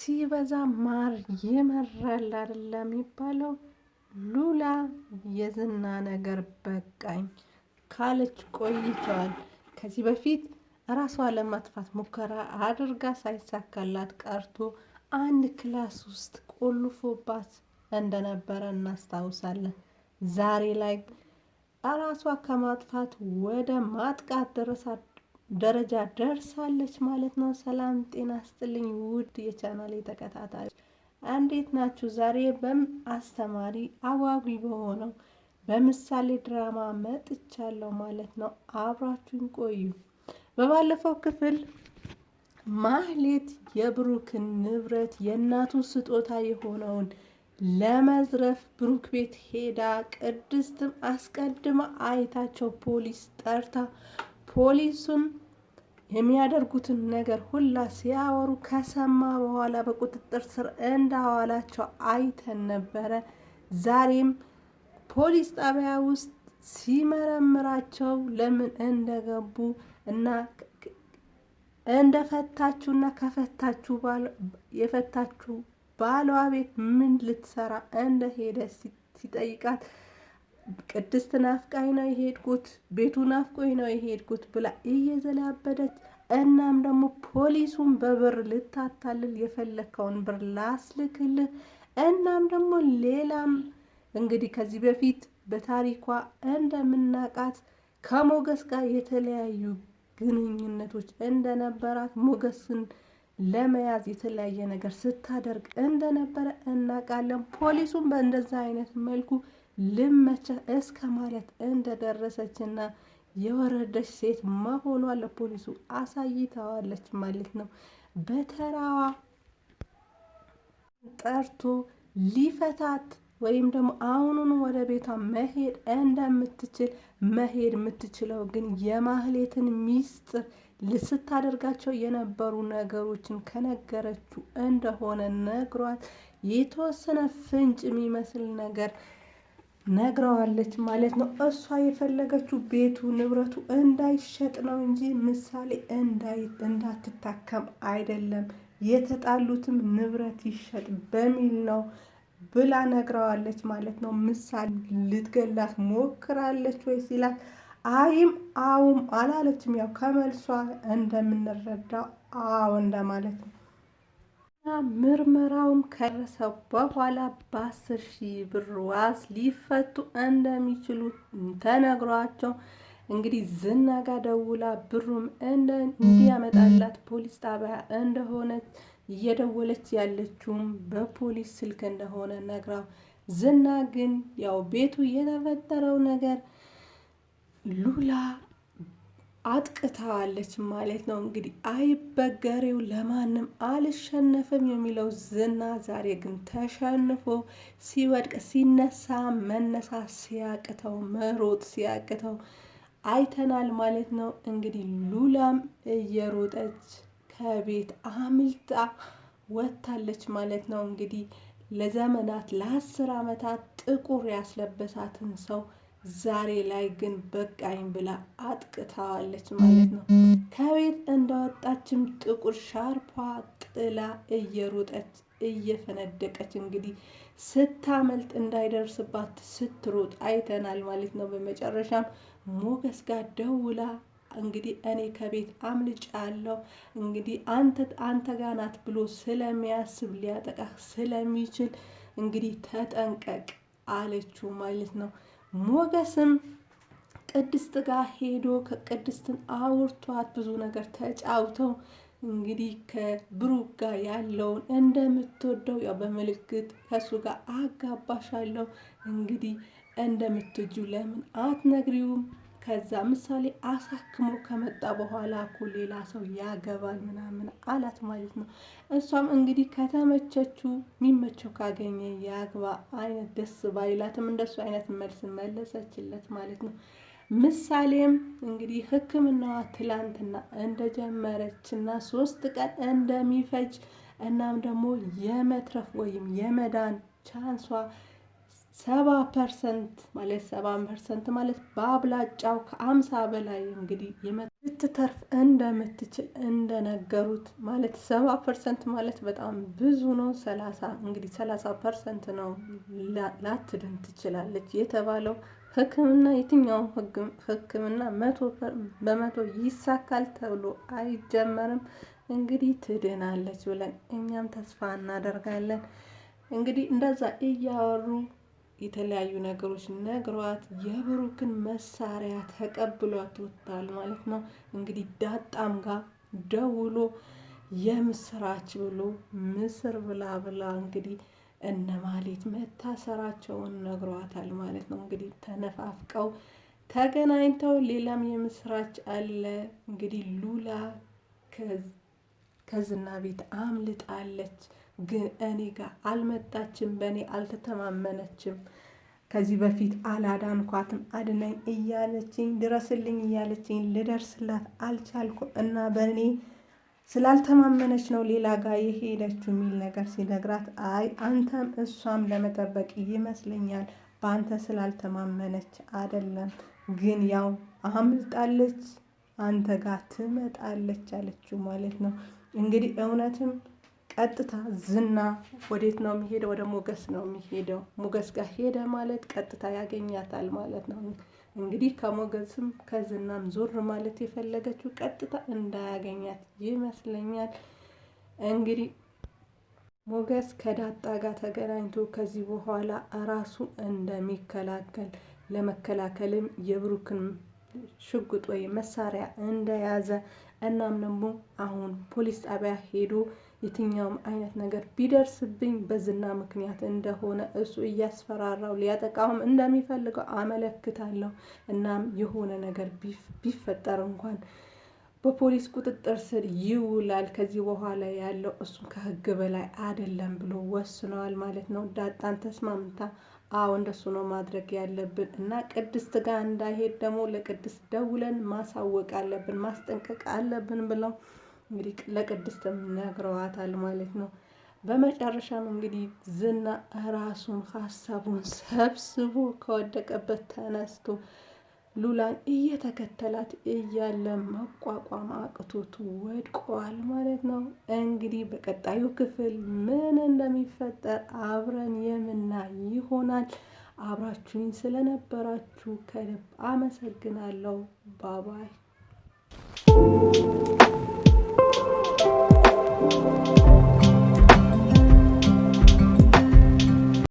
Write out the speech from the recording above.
ሲበዛ ማር ይመራል አይደለ የሚባለው። ሉላ የዝና ነገር በቃኝ ካለች ቆይተዋል። ከዚህ በፊት ራሷ ለማጥፋት ሙከራ አድርጋ ሳይሳካላት ቀርቶ አንድ ክላስ ውስጥ ቆልፎባት እንደነበረ እናስታውሳለን። ዛሬ ላይ ራሷ ከማጥፋት ወደ ማጥቃት ድረስ ። ደረጃ ደርሳለች ማለት ነው። ሰላም ጤና ስጥልኝ ውድ የቻናል ተከታታዮች እንዴት ናችሁ? ዛሬ በም አስተማሪ አጓጊ በሆነው በምሳሌ ድራማ መጥቻለሁ ማለት ነው። አብራችሁን ቆዩ። በባለፈው ክፍል ማህሌት የብሩክን ንብረት የእናቱ ስጦታ የሆነውን ለመዝረፍ ብሩክ ቤት ሄዳ ቅድስትም አስቀድማ አይታቸው ፖሊስ ጠርታ ፖሊሱን። የሚያደርጉትን ነገር ሁላ ሲያወሩ ከሰማ በኋላ በቁጥጥር ስር እንዳዋላቸው አይተን ነበረ። ዛሬም ፖሊስ ጣቢያ ውስጥ ሲመረምራቸው ለምን እንደገቡ እና እንደፈታችሁ እና ከፈታችሁ የፈታችሁ ባሏ ቤት ምን ልትሰራ እንደሄደ ሲጠይቃት ቅድስት ናፍቃኝ ነው የሄድኩት፣ ቤቱ ናፍቆኝ ነው የሄድኩት ብላ እየዘላበደች እናም ደግሞ ፖሊሱን በብር ልታታልል የፈለግከውን ብር ላስልክልህ። እናም ደግሞ ሌላም እንግዲህ ከዚህ በፊት በታሪኳ እንደምናቃት ከሞገስ ጋር የተለያዩ ግንኙነቶች እንደነበራት ሞገስን ለመያዝ የተለያየ ነገር ስታደርግ እንደነበረ እናውቃለን። ፖሊሱን በእንደዛ አይነት መልኩ ልመቸህ እስከ ማለት እንደደረሰችና የወረደች ሴት መሆኗ ለፖሊሱ አሳይተዋለች ማለት ነው። በተራዋ ጠርቶ ሊፈታት ወይም ደግሞ አሁኑን ወደ ቤቷ መሄድ እንደምትችል መሄድ የምትችለው ግን የማህሌትን ሚስጥር ስታደርጋቸው የነበሩ ነገሮችን ከነገረችው እንደሆነ ነግሯት የተወሰነ ፍንጭ የሚመስል ነገር ነግረዋለች ማለት ነው። እሷ የፈለገችው ቤቱ ንብረቱ እንዳይሸጥ ነው እንጂ ምሳሌ እንዳትታከም አይደለም። የተጣሉትም ንብረት ይሸጥ በሚል ነው ብላ ነግረዋለች ማለት ነው። ምሳሌ ልትገላት ሞክራለች ወይ ሲላት አይም አውም አላለችም። ያው ከመልሷ እንደምንረዳው አዎ እንደማለት ነው። ምርመራውም ከረሰ በኋላ በአስር ሺህ ብር ዋስ ሊፈቱ እንደሚችሉ ተነግሯቸው እንግዲህ ዝና ደውላ ብሩም እንዲያመጣላት ፖሊስ ጣቢያ እንደሆነ እየደወለች ያለችውም በፖሊስ ስልክ እንደሆነ ነግራው፣ ዝና ግን ያው ቤቱ የተፈጠረው ነገር ሉላ አጥቅታዋለች ማለት ነው። እንግዲህ አይበገሬው ለማንም አልሸነፍም የሚለው ዝና ዛሬ ግን ተሸንፎ ሲወድቅ ሲነሳ መነሳት ሲያቅተው መሮጥ ሲያቅተው አይተናል ማለት ነው። እንግዲህ ሉላም እየሮጠች ከቤት አምልጣ ወጥታለች ማለት ነው። እንግዲህ ለዘመናት ለአስር ዓመታት ጥቁር ያስለበሳትን ሰው ዛሬ ላይ ግን በቃኝ ብላ አጥቅታዋለች ማለት ነው። ከቤት እንዳወጣችም ጥቁር ሻርፓ ጥላ እየሮጠች እየፈነደቀች እንግዲህ ስታመልጥ እንዳይደርስባት ስትሮጥ አይተናል ማለት ነው። በመጨረሻም ሞገስ ጋር ደውላ እንግዲህ እኔ ከቤት አምልጫለሁ እንግዲህ አንተ አንተ ጋር ናት ብሎ ስለሚያስብ ሊያጠቃህ ስለሚችል እንግዲህ ተጠንቀቅ አለችው ማለት ነው። ሞገስም ቅድስት ጋር ሄዶ ከቅድስትን አውርቷት ብዙ ነገር ተጫውተው እንግዲህ ከብሩክ ጋር ያለውን እንደምትወደው ያው በምልክት ከእሱ ጋር አጋባሻለሁ እንግዲህ እንደምትጁ ለምን አትነግሪውም ከዛ ምሳሌ አሳክሞ ከመጣ በኋላ እኮ ሌላ ሰው ያገባል ምናምን አላት ማለት ነው። እሷም እንግዲህ ከተመቸችው የሚመቸው ካገኘ ያግባ አይነት ደስ ባይላትም እንደሱ አይነት መልስ መለሰችለት ማለት ነው። ምሳሌም እንግዲህ ሕክምናዋ ትላንትና እንደጀመረች እና ሶስት ቀን እንደሚፈጅ እናም ደግሞ የመትረፍ ወይም የመዳን ቻንሷ ሰባ ፐርሰንት ማለት ሰባ ፐርሰንት ማለት በአብላጫው ከአምሳ በላይ እንግዲህ ልትተርፍ እንደምትችል እንደነገሩት ማለት ሰባ ፐርሰንት ማለት በጣም ብዙ ነው። ሰላሳ እንግዲህ ሰላሳ ፐርሰንት ነው ላትድን ትችላለች የተባለው ሕክምና የትኛውም ሕክምና መቶ በመቶ ይሳካል ተብሎ አይጀመርም። እንግዲህ ትድናለች ብለን እኛም ተስፋ እናደርጋለን። እንግዲህ እንደዛ እያወሩ የተለያዩ ነገሮች ነግሯት የብሩክን መሳሪያ ተቀብሏት ወጥታል ማለት ነው። እንግዲህ ዳጣም ጋር ደውሎ የምስራች ብሎ ምስር ብላ ብላ እንግዲህ እነ ማሌት መታሰራቸውን ነግሯታል ማለት ነው። እንግዲህ ተነፋፍቀው ተገናኝተው ሌላም የምስራች አለ እንግዲህ ሉላ ከዝና ቤት አምልጣለች። ግን እኔ ጋር አልመጣችም፣ በእኔ አልተተማመነችም። ከዚህ በፊት አላዳንኳትም፣ አድነኝ እያለችኝ ድረስልኝ እያለችኝ ልደርስላት አልቻልኩም እና በእኔ ስላልተማመነች ነው ሌላ ጋር የሄደችው የሚል ነገር ሲነግራት፣ አይ አንተም እሷም ለመጠበቅ ይመስለኛል በአንተ ስላልተማመነች አይደለም፣ ግን ያው አምልጣለች፣ አንተ ጋር ትመጣለች አለችው ማለት ነው። እንግዲህ እውነትም ቀጥታ ዝና ወዴት ነው የሚሄደው? ወደ ሞገስ ነው የሚሄደው። ሞገስ ጋር ሄደ ማለት ቀጥታ ያገኛታል ማለት ነው። እንግዲህ ከሞገስም ከዝናም ዞር ማለት የፈለገችው ቀጥታ እንዳያገኛት ይመስለኛል። እንግዲህ ሞገስ ከዳጣ ጋር ተገናኝቶ ከዚህ በኋላ ራሱ እንደሚከላከል ለመከላከልም የብሩክን ሽጉጥ ወይ መሳሪያ እንደያዘ እናም ደግሞ አሁን ፖሊስ ጣቢያ ሄዶ የትኛውም አይነት ነገር ቢደርስብኝ በዝና ምክንያት እንደሆነ እሱ እያስፈራራው ሊያጠቃውም እንደሚፈልገው አመለክታለሁ። እናም የሆነ ነገር ቢፈጠር እንኳን በፖሊስ ቁጥጥር ስር ይውላል። ከዚህ በኋላ ያለው እሱም ከህግ በላይ አይደለም ብሎ ወስነዋል ማለት ነው። ዳጣን ተስማምታ አዎ እንደሱ ነው ማድረግ ያለብን እና ቅድስት ጋር እንዳይሄድ ደግሞ ለቅድስት ደውለን ማሳወቅ አለብን፣ ማስጠንቀቅ አለብን ብለው እንግዲህ ለቅድስትም ነግረዋታል ማለት ነው። በመጨረሻም እንግዲህ ዝና ራሱን ሀሳቡን ሰብስቦ ከወደቀበት ተነስቶ ሉላን እየተከተላት እያለ መቋቋም አቅቶቱ ወድቋል ማለት ነው። እንግዲህ በቀጣዩ ክፍል ምን እንደሚፈጠር አብረን የምናይ ይሆናል። አብራችሁኝ ስለነበራችሁ ከልብ አመሰግናለሁ። ባባይ Música